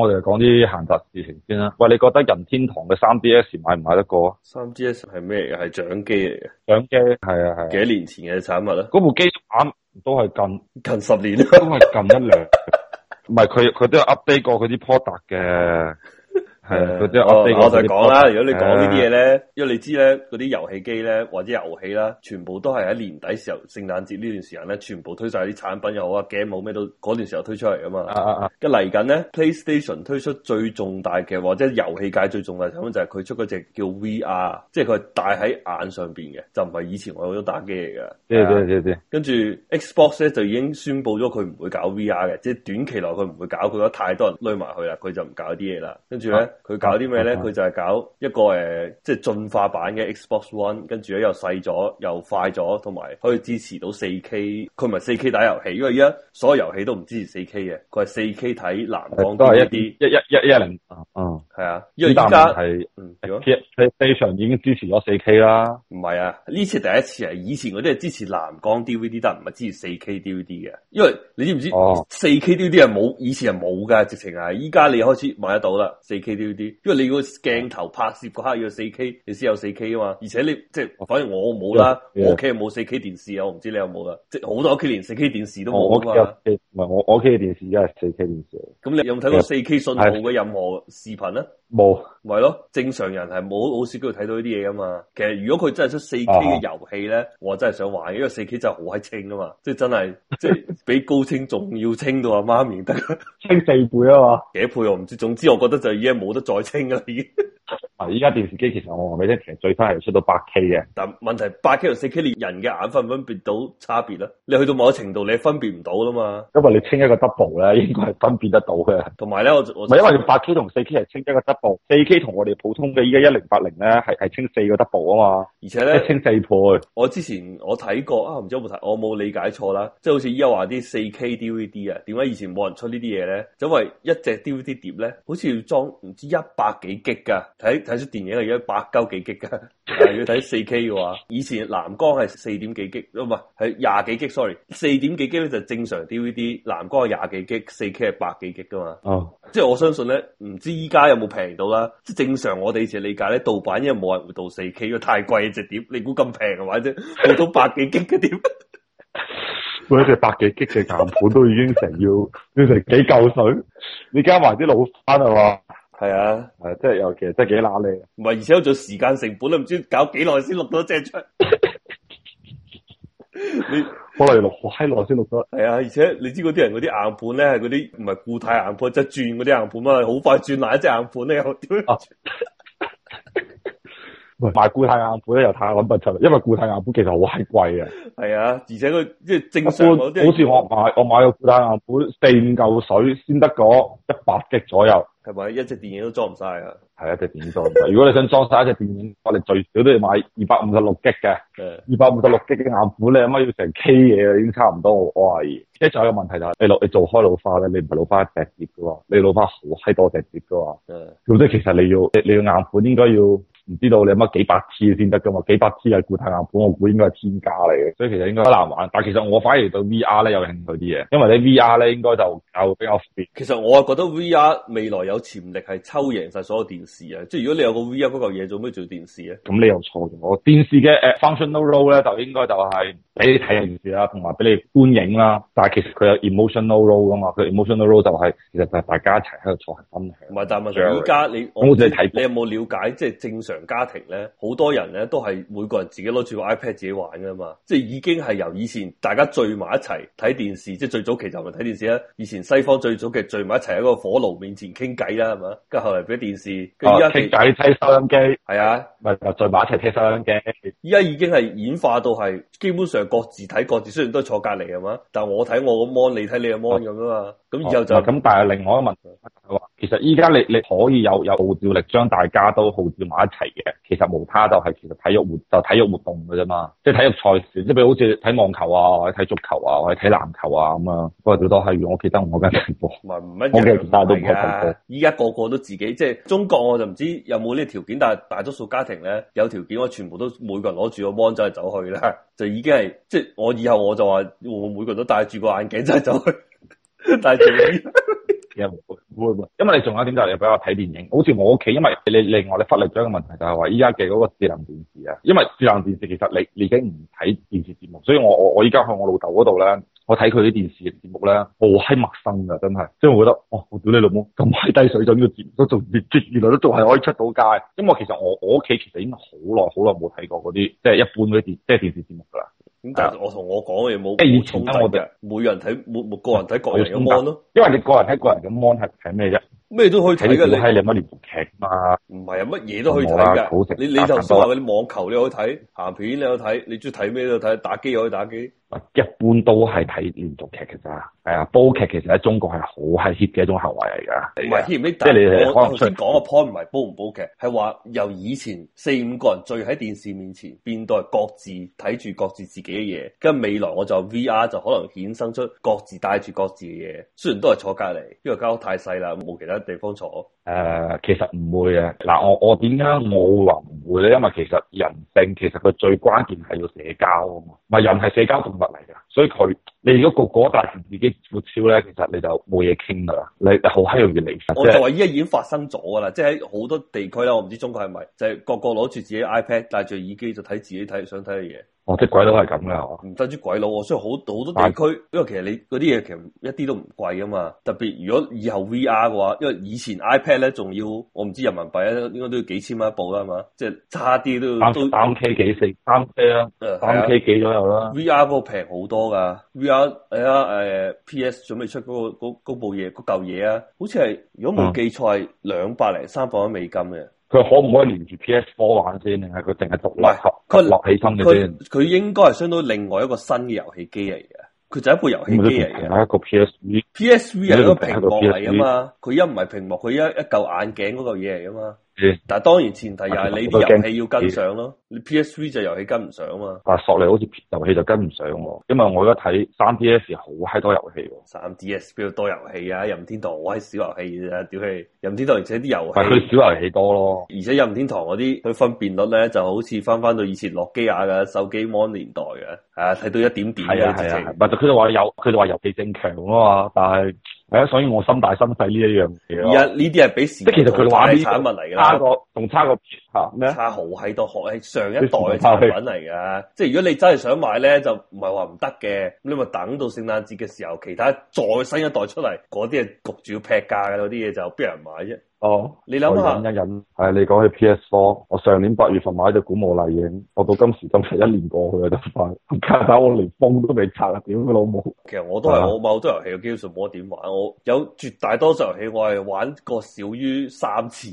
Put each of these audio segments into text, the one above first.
我哋講啲閒雜事情先啦。喂，你覺得任天堂嘅三 DS 買唔買得過啊？三 DS 係咩嘢？係掌機嚟嘅。掌機係啊係。幾年前嘅產物啦。嗰部機啱都係近近十年，都係近一兩年。唔係， 佢佢都有 update 過佢啲 product 嘅。係的啊，我我就講啦。the product, 啊、如果你講呢啲嘢咧，啊、因為你知咧嗰啲遊戲機咧或者遊戲啦，全部都係喺年底時候聖誕節呢段時間咧，全部推晒啲產品又好啊，game 好咩都嗰段時候推出嚟噶嘛。啊啊啊！咁嚟緊咧，PlayStation 推出最重大嘅或者遊戲界最重大嘅產品就係佢出嗰隻叫 VR，即係佢戴喺眼上邊嘅，就唔係以前我嗰種打機嚟嘅。對對、啊、跟住 Xbox 咧就已經宣布咗佢唔會搞 VR 嘅，即係短期內佢唔會搞，佢得太多人累埋佢啦，佢就唔搞啲嘢啦。跟住咧。啊佢搞啲咩咧？佢就係搞一個誒、呃，即係進化版嘅 Xbox One，跟住咧又細咗，又快咗，同埋可以支持到 4K。佢唔係 4K 打遊戲，因為而家所有遊戲都唔支持 4K 嘅。佢係 4K 睇藍光都係一啲一一一一零。哦、嗯，係、嗯、啊，因為而家係。PlayStation 已經支持咗 4K 啦，唔係啊，呢次第一次啊，以前嗰啲係支持藍光 DVD，但唔係支持 4K DVD 嘅，因為你知唔知？哦，4K DVD 係冇，以前係冇噶，直情係依家你開始買得到啦 4K DVD，因為你個鏡頭拍攝嗰刻要 4K，你先有 4K 啊嘛，而且你即係，反而，哦、我冇啦，我屋企係冇 4K 電視啊，我唔知你有冇啦，即係好多屋企連 4K 電視都冇噶嘛，唔係，哦、我 K，我屋企嘅電視而家係 4K 電視，咁你有冇睇過 4K 信號嘅任何視頻咧？冇，咪咯，正常人係冇好少機會睇到呢啲嘢噶嘛。其實如果佢真係出四 K 嘅遊戲咧，我真係想玩，因為四 K 真係好閪清噶嘛，即係真係即係比高清仲要清到啊媽咪，清四倍啊嘛，幾倍我唔知。總之我覺得就已經冇得再清啦已經。啊，依家電視機其實我話俾你聽，其實最低係出到八 K 嘅。但問題八 K 同四 K 你人嘅眼分唔分辨到差別咧？你去到某程度你分辨唔到啦嘛。因為你清一個 double 咧，應該係分辨得到嘅。同埋咧我唔係因為八 K 同四 K 係清一個 double。哦，四 K 同我哋普通嘅依家一零八零咧，係係清四個 double 啊嘛，而且咧清四倍。我之前我睇過啊，唔、哦、知有冇睇，我冇理解錯啦。即、就、係、是、好似依家話啲四 K D V D 啊，點解以前冇人出呢啲嘢咧？就因為一隻 D V D 碟咧，好似要裝唔知一百幾 G 噶，睇睇出電影係而家百幾幾 G 噶，但要睇四 K 嘅話， 以前藍光係四點幾 G，唔係係廿幾 G，Sorry，四點幾 G 咧就正常 D V D 藍光係廿幾 G，四 K 係百幾 G 噶嘛。哦，即係我相信咧，唔知依家有冇平。到啦，即係正常。我哋以前理解咧，盜版因為冇人會盜四 K，佢太貴隻碟。你估咁平嘅話啫，你到 百幾 G 嘅碟，我哋百幾 G 嘅硬盤都已經成要，要成幾嚿水。你加埋啲老番係嘛？係啊，係即係，尤其實真係幾乸脷。唔係，而且仲有時間成本都唔知搞幾耐先錄到隻出。 你本來落好閪耐先落咗。係啊，而且你知嗰啲人嗰啲硬盤咧係嗰啲唔係固態硬盤，即係轉嗰啲硬盤，就是， 啊，好快轉爛一隻硬盤咧又點啊？買固態硬盤咧又太揾不出親，因為固態硬盤其實好閪貴啊。係啊，而且佢即係正常，一般 好似我買我買個固態硬盤，四五嚿水先得個一百 G 左右。係咪？一隻電影都裝唔晒啊！係一隻電影裝唔晒。如果你想裝晒一隻電影，我哋 最少都要買二百五十六 G 嘅。二百五十六 G 嘅硬盤，你起碼要成 K 嘢啊，已經差唔多。我我懷疑。即係仲有個問題就係、是，你老你做開老花咧，你唔係老花一隻碟噶，你老花好閪多隻碟噶。嗯的。咁即係其實你要，你你要硬盤應該要。唔知道你有乜幾百 T 先得噶嘛？幾百 T 係固態硬盤，我估應該係天價嚟嘅，所以其實應該好難玩。但係其實我反而對 VR 咧有興趣啲嘢，因為咧 VR 咧應該就較比較 fit。其實我係覺得 VR 未來有潛力係抽贏晒所有電視啊！即係如果你有個 VR 嗰嚿嘢，做咩做電視咧？咁你又錯咗。我電視嘅 functional role 咧，就應該就係、是。俾你睇住啦，同埋俾你觀影啦。但係其實佢有 emotional role 噶嘛，佢 emotional role 就係、是、其實就係大家一齊喺度坐喺分享。唔係， 但係而家你我你有冇了解即係正常家庭咧？好多人咧都係每個人自己攞住部 iPad 自己玩噶嘛。即係已經係由以前大家聚埋一齊睇電視，即係最早期就咪睇電視啦、啊。以前西方最早嘅聚埋一齊喺個火爐面前傾偈啦，係嘛？跟住後嚟俾電視，跟住家傾偈聽收音機。係啊，咪又聚埋一齊聽收音機。依家已經係演化到係基本上。各自睇各自，雖然都坐隔籬係嘛，但係我睇我個 mon，你睇你個 mon 咁啊嘛，咁、哦、以後就咁，哦、但係另外一個問題係話。其實依家你你可以有有號召力，將大家都號召埋一齊嘅。其實無他，就係其實體育活就體育活動嘅啫嘛。即係體育賽事，即係譬如好似睇網球啊，或者睇足球啊，或者睇籃球啊咁啊。不過最多係我記得我間直播，唔係唔係，我其他都唔係直播。依家個個都自己即係中國，我就唔知有冇呢條件，但係大多數家庭咧有條件，我全部都每個人攞住個芒走嚟走去啦。就已經係即係我以後我就話，我每個人都戴住個眼鏡就係走去，戴住。有冇？會，因為你仲有一點就係你比較睇電影，好似我屋企，因為你另外你忽略咗一個問題就係話依家嘅嗰個智能電視啊，因為智能電視其實你，你已經唔睇電視節目，所以我我我依家喺我老豆嗰度咧，我睇佢啲電視節目咧，好閪陌生噶，真係，即係我覺得，哇、哦，我屌你老母，咁閪低水準嘅，這個，節目都仲，原原來都仲係可以出到街，因為其實我我屋企其實已經好耐好耐冇睇過嗰啲即係一般嗰啲電即係、就是、電視節目噶啦。咁但係我同我講嘅嘢冇，誒，而從我哋，每人睇，每每個人睇個人嘅 mon 咯，因為你個人睇個人嘅 mon 係睇咩啫？咩都可以睇噶，係你乜你連續劇嘛？唔係，乜嘢都可以睇噶，啊。你你頭先話嗰啲網球你可以睇，咸、嗯、片你可以睇，你中意睇咩就睇，打機又可以打機。一般都係睇連續劇嘅咋。係啊，煲劇其實喺中國係好係 hit 嘅一種行為嚟噶。唔係 hit 唔 hit 即係你頭先講嘅 point 唔係煲唔煲劇，係話由以前四五個人聚喺電視面前，變到係各自睇住各自自己嘅嘢，跟住未來我就 VR 就可能衍生出各自帶住各自嘅嘢，雖然都係坐隔離，因為間屋太細啦，冇其他地方坐。誒、呃，其實唔會啊！嗱，我我點解我會話唔會咧？因為其實人性其實佢最關鍵係要社交啊嘛，唔係，人係社交動物嚟噶，所以佢你如果個個都戴住自己闊超咧，其實你就冇嘢傾噶啦，你好閪容易嚟翻。我就話依家已經發生咗噶啦，即係喺好多地區啦，我唔知中國係咪就係、是、個個攞住自己 iPad，戴住耳機就睇自己睇想睇嘅嘢。我啲、哦、鬼佬係咁嘅，係嘛？唔得啲鬼佬，我所以好好，好多地區，是因為其實你嗰啲嘢其實一啲都唔貴啊嘛。特別如果以後 VR 嘅話，因為以前 iPad 咧，仲要我唔知人民幣、啊、應該都要幾千蚊一部啦，係、就、嘛、是？即係差啲都要都三 K 幾四三 K 啦，三 K 幾左右啦。VR 嗰個平好多噶，VR 係啊，誒 PS 準備出嗰部嘢嗰嚿嘢啊，好似係如果冇記錯係兩百零三百蚊美金嘅。佢可唔可以連住 PS4 玩先？定係佢淨係獨立它立起身先？佢應該係相當於另外一個新嘅遊戲機嚟嘅。佢就係一部遊戲機嚟嘅。一個 PSV，PSV 係一個屏幕嚟啊嘛。佢一唔係屏幕，佢一一嚿眼鏡嗰個嘢嚟啊嘛。的但係當然前提又係你啲遊戲要跟上咯。你 PSV 就遊戲跟唔上啊嘛，但索尼好似遊戲就跟唔上喎，因為我而家睇三 P S 好嗨多遊戲喎，三 DS 比較多遊戲啊，任天堂我係小遊戲啊，屌氣，任天堂而且啲遊戲係佢小遊戲多咯，而且任天堂嗰啲佢分辨率咧就好似翻翻到以前諾基亞嘅手機 Mon 年代嘅，係、啊、睇到一點點啊，啫，啊！係佢就話有佢就話遊戲正強啊嘛，但係係啊，所以我心大心細呢一樣嘢，而家呢啲係俾時間啲新產品嚟噶啦，差過仲差過。吓，差好喺度，係學係上一代嘅產品嚟㗎。麼即係如果你真係想買咧，就唔係話唔得嘅。咁你咪等到聖誕節嘅時候，其他再新一代出嚟，嗰啲係焗住要劈價嘅，嗰啲嘢，就畀人買啫。哦，你諗下，忍一忍，係你講起 P S Four，我上年八月份買隻古墓麗影，我到今時今時一年過去啦，得快，家下我連封都未拆啊，點嘅老母？其實我都係我買好、啊、多遊戲，基本上冇點玩。我有絕大多數遊戲，我係玩過少於三次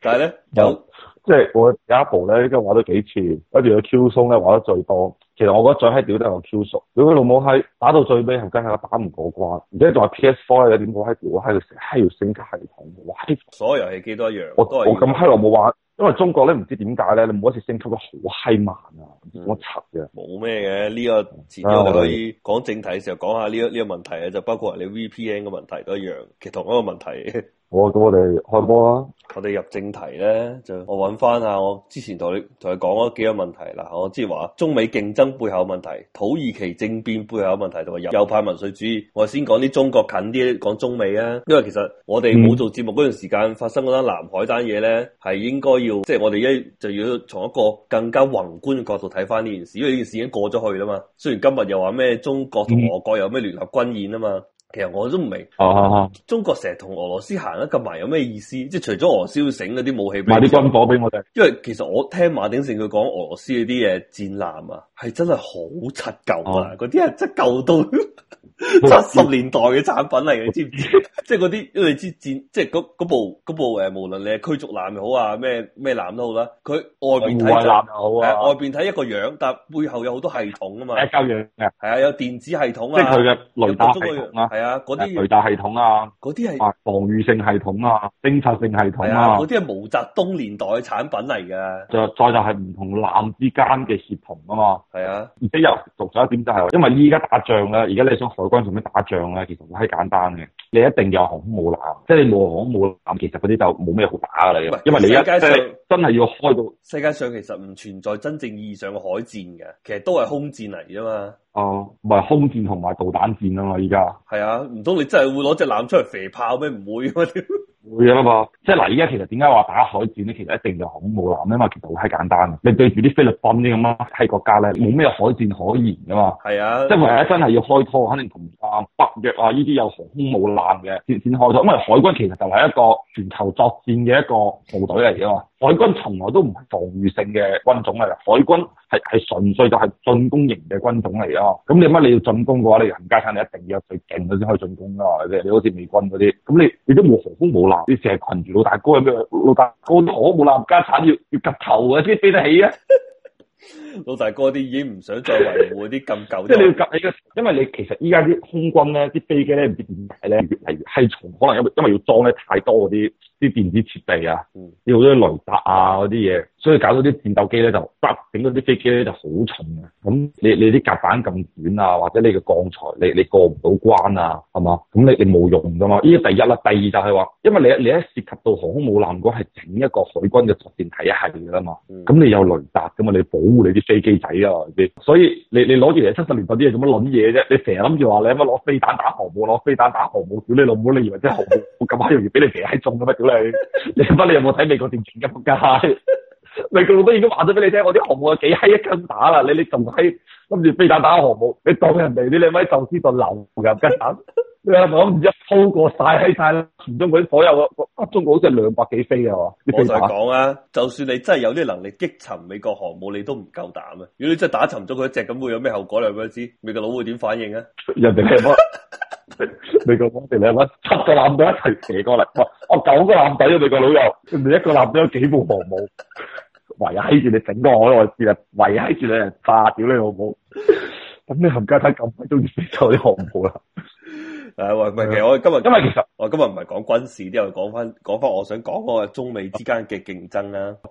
但係咧有。 即係我有一部咧，依家玩咗幾次，跟住佢 Q 松咧玩得最多。其實我覺得最閪屌都係 Q 松。如果老母閪打到最尾，係跟住我打唔過關，而且仲係 P S Four 有我老母閪，老母閪要成閪要升級系統，哇！所有遊戲機都一樣，我都樣我咁閪老母玩，因為中國咧唔知點解咧，你每一次升級都好閪慢啊，我柒嘅。冇咩嘅呢個，所以我可以講正題嘅時候講下呢個呢個問題啊，就包括你 V P N 嘅問題都一樣，其實同一個問題。我哋開波啦。我哋入正題咧，就我揾翻啊，我之前同你同你講嗰幾個問題啦。我之前話中美競爭背後問題、土耳其政變背後問題同埋右派民粹主義。我先講啲中國近啲，講中美啊，因為其實我哋冇做節目嗰段時間發生嗰單南海單嘢咧，係應該要即係、就是、我哋一就要從一個更加宏觀嘅角度睇翻呢件事，因為呢件事已經過咗去啦嘛。雖然今日又話咩中國同俄國有咩聯合軍演啊嘛。其實我都唔明，哦、啊啊、中國成日同俄羅斯行得咁埋，有咩意思？即係除咗俄羅斯要整嗰啲武器，買啲軍火俾我哋。因為其實我聽馬鼎盛佢講俄羅斯嗰啲嘢，戰艦啊，係真係好柒舊啊，嗰啲人真舊到。 七十 年代嘅產品嚟，嘅，你知唔知， 知？即係嗰啲，因為你知戰，即係嗰部嗰部誒，無論你係驅逐艦又好，好，好啊，咩咩艦都好啦。佢外邊睇就好啊，外邊睇一個樣，但係背後有好多系統啊嘛。係樣係啊，有電子系統啊，即係佢嘅雷達系統啊，嗰啲、啊啊、雷達系統啊，啲係防禦性系統啊，偵察性系統啊，嗰啲係毛澤東年代嘅產品嚟嘅。再再就係唔同艦之間嘅協同啊嘛。係啊，而且又熟咗一點就係，因為依家打仗啊，而家你想，想關做咩打仗咧？其實好閪簡單嘅，你一定有航空母艦，即係你冇航空母艦，其實嗰啲就冇咩好打㗎喇。因為，因為你而家真係要開到世界上，世界上其實唔存在真正意義上嘅海戰嘅，其實都係空戰嚟啫嘛。哦、啊，咪、就是、空戰同埋導彈戰啊嘛，依家係啊，唔通你真係會攞隻艦出嚟肥炮咩？唔會。 會啊嘛，即係嗱，而家其實點解話打海戰咧？其實一定就航空母艦啊嘛，其實好閪簡單啊。你對住啲菲律賓啲咁閪國家咧，冇咩海戰可言噶嘛。係啊，即係萬一真係要開拖，肯定同北約啊呢啲有航空母艦嘅接戰開拖。因為海軍其實就係一個全球作戰嘅一個部隊嚟嘅嘛。海軍從來都唔係防御性嘅軍種嚟，海軍係係純粹就係進攻型嘅軍種嚟啊！咁你乜你要進攻嘅話，你人家產你一定要有最勁嗰先可以進攻噶，你你好似美軍嗰啲，咁你你都冇航空冇艦，你成日群住老大哥，咩老大哥都冇艦，家產要要及頭啊先飛得起啊！ 老大哥啲已經唔想再維護啲咁舊，即係你要夾你因為你其實依家啲空軍咧，啲飛機咧唔知點解咧越嚟越係重，可能因為因為要裝咧太多嗰啲啲電子設備啊，啲好多雷達啊嗰啲嘢。所以搞到啲戰鬥機咧，就畢整到啲飛機咧就好重嘅，啊。咁你你啲甲板咁短啊，或者你嘅鋼材，你你過唔到關啊，係嘛？咁你你冇用噶嘛？呢個第一啦，第二就係、是、話，因為你一你一涉及到航空母艦嗰係整一個海軍嘅作戰體系㗎嘛。咁、嗯、你有雷達噶嘛？你保護你啲飛機仔啊，所以你你攞住嚟七十年代啲嘢做乜撚嘢啫？你成日諗住話你乜攞飛彈打航母，攞飛彈打航母，屌你老母！你以為真係航母咁鬼容易俾你射中㗎咩？屌你！你不你有冇睇美國點整嘅仆街？美國佬都已經話咗俾你聽，我啲航母幾閪一斤打啦！你你仲閪諗住飛彈打，打航母？Case, illions 你當人哋啲宙斯盾就流㗎？跟打？你阿媽一操過晒閪晒！啦！其中嗰所有個，中國好似兩百幾飛㗎喎。我再講啊，tube, 說就算你真係有啲能力擊沉美國航母，你都唔夠膽啊！如果你真係打沉咗佢一隻，咁會有咩後果你話俾我知？美國佬會點反應啊？人哋嘅美國佬定係乜？七個艦隊一齊射過嚟，哇！我九個艦隊啊，美國佬又唔係一個艦隊有幾部航母？圍喺住你整個海外戰，圍喺住你，你人炸，屌 你老母！咁你冚家鏟咁鬼中意做啲恐怖啦？誒、 哎，喂喂，其實我今日，因為其實我今日唔係講軍事，啲又講翻，講翻我想講嗰個中美之間嘅競爭啦、啊。